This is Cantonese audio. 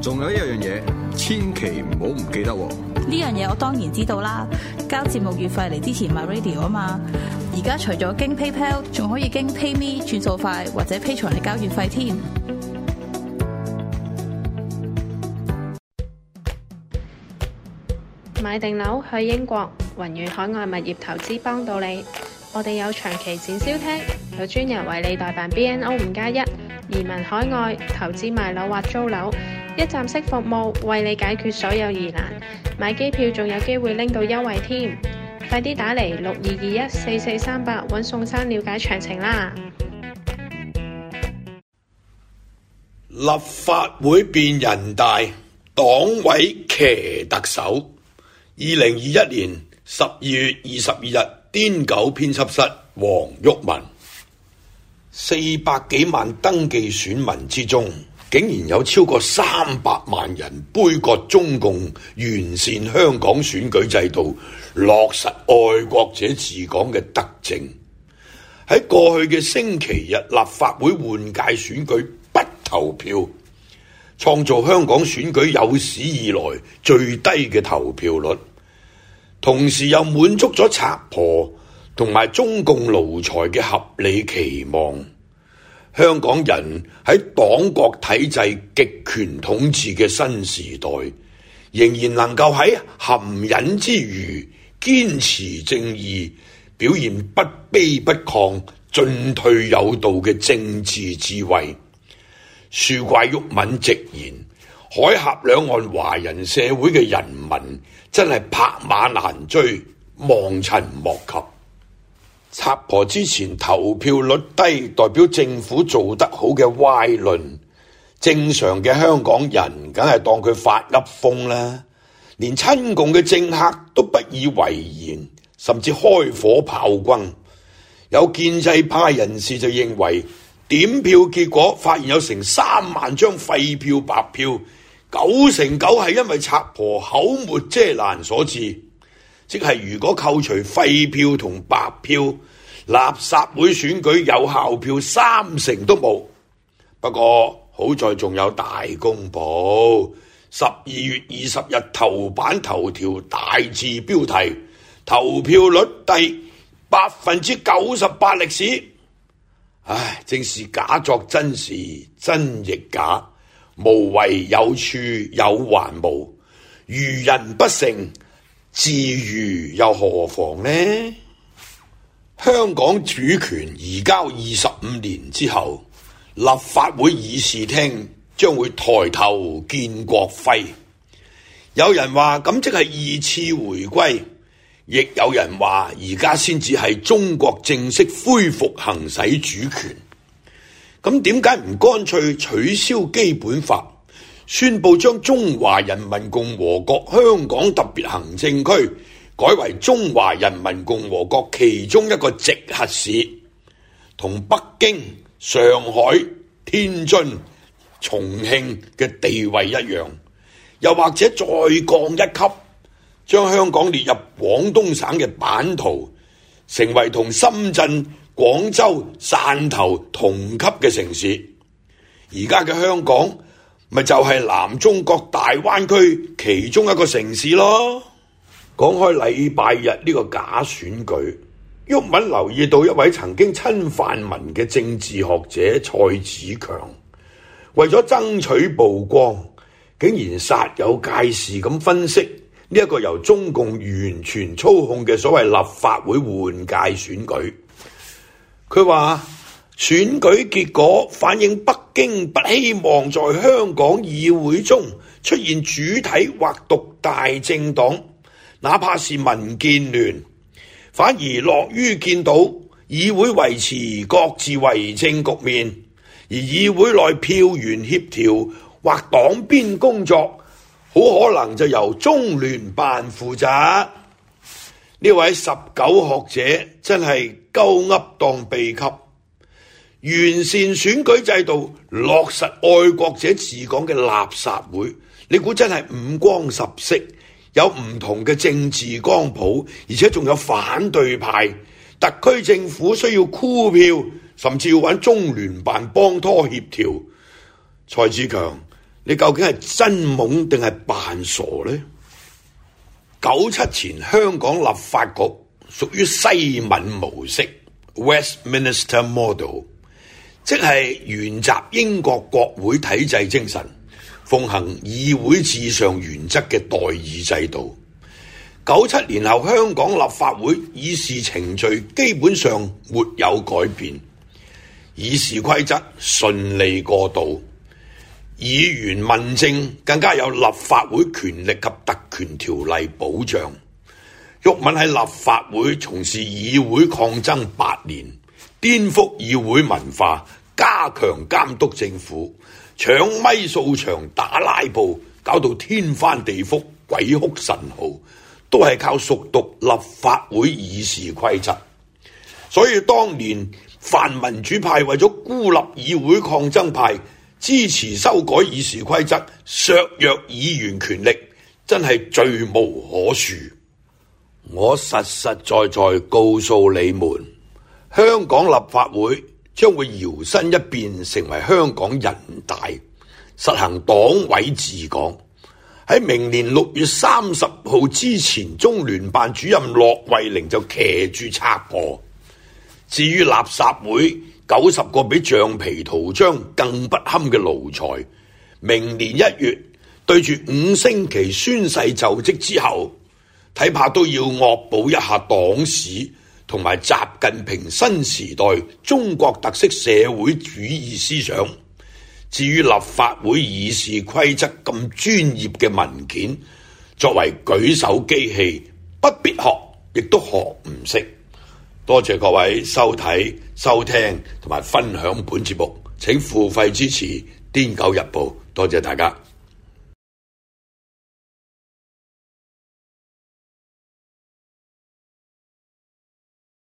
仲有一樣嘢，千祈唔好唔記得呢樣嘢。我當然知道啦，交節目月費嚟支持 MyRadio 啊嘛。而家除咗經 PayPal，仲可以經 PayMe 轉數快，或者 Patreon 嚟交月費添。買定樓去英國，宏遠海外物業投資幫到你。我哋有長期展銷廳，有專人為你代辦 BNO 五加一移民海外投資賣樓或租樓。一站式服務，為你解決所有疑難。買機票仲有機會拎到優惠添，快啲打嚟六二二一四四三八，搵宋生了解詳情啦。立法會變人大，黨委騎特首。二零二一年十二月二十二日，癲狗編輯室，黃毓民。四百幾萬登記選民之中，竟然有超過三百萬人杯葛中共完善香港選舉制度、落實愛國者治港嘅德政。喺過去嘅星期日，立法會換屆選舉不投票，創造香港選舉有史以來最低嘅投票率，同時又滿足咗賊婆同埋中共奴才嘅合理期望。香港人喺黨國體制極權統治嘅新時代，仍然能夠喺含忍之餘堅持正義，表現不卑不亢、進退有道嘅政治智慧。恕怪毓民直言，海峽兩岸華人社會嘅人民真係拍馬難追，望塵莫及。拆婆之前投票率低，代表政府做得好嘅歪論，正常嘅香港人梗係當佢發噏風啦。連親共嘅政客都不以為然，甚至開火炮轟。有建制派人士就認為，點票結果發現有成三萬張廢票、白票，九成九係因為拆婆口沒遮攔所致，即係如果扣除廢票同白票。垃圾會選舉有效票三成都冇，不過好在仲有大公報十二月二十日頭版頭條大字標題投票率第百分之九十八歷史，唉，正是假作真時真亦假，無為有處有還無，愚人不成，自愚又何妨呢？香港主權移交二十五年之後，立法會議事廳將會抬頭見國徽。有人話咁即係二次回歸，亦有人話而家先至係中國正式恢復行使主權。咁點解唔乾脆取消基本法，宣布將中華人民共和國香港特別行政區？改為中華人民共和國其中一個直轄市，同北京、上海、天津、重慶嘅地位一樣，又或者再降一級，將香港列入廣東省嘅版圖，成為同深圳、廣州、汕頭同級嘅城市。而家嘅香港咪就係是南中國大灣區其中一個城市咯。講開禮拜日呢個假選舉，毓民留意到一位曾經親泛民嘅政治學者蔡子強，為咗爭取曝光，竟然煞有介事咁分析呢一個由中共完全操控嘅所謂立法會換屆選舉。佢話選舉結果反映北京不希望在香港議會中出現主體或獨大政黨。哪怕是民建聯，反而樂於見到議會維持各自為政局面，而議會內票源協調或黨鞭工作，好可能就由中聯辦負責。呢位十九學者真係鳩噏當秘籍，完善選舉制度，落實愛國者治港嘅垃圾會，你估真係五光十色？有唔同嘅政治光譜，而且仲有反對派。特區政府需要箍票，甚至要揾中聯辦幫拖協調。蔡子強，你究竟係真懵定係扮傻咧？九七前香港立法局屬於西敏模式 （Westminster model），即係沿襲英國國會體制精神。奉行議會至上原則嘅代議制度，九七年後香港立法會議事程序基本上沒有改變，議事規則順利過渡，議員問政更加有立法會權力及特權條例保障。毓民喺立法會從事議會抗爭八年，顛覆議會文化，加強監督政府。搶咪掃場打拉布，搞到天翻地覆、鬼哭神號，都係靠熟讀立法會議事規則。所以當年泛民主派為咗孤立議會抗爭派，支持修改議事規則削弱議員權力，真係罪無可恕。我實實在在告訴你們，香港立法會，將會搖身一變成為香港人大，實行黨委治港。喺明年六月三十號之前，中聯辦主任駱惠寧就騎住插過。至於垃圾會九十個比橡皮圖章更不堪嘅奴才，明年一月對住五星旗宣誓就職之後，睇怕都要惡補一下黨史。同埋習近平新時代中國特色社會主義思想。至於立法會議事規則咁專業嘅文件，作為舉手機器，不必學，亦都學唔識。多謝各位收睇、收聽同埋分享本節目。請付費支持《癲狗日報》，多謝大家。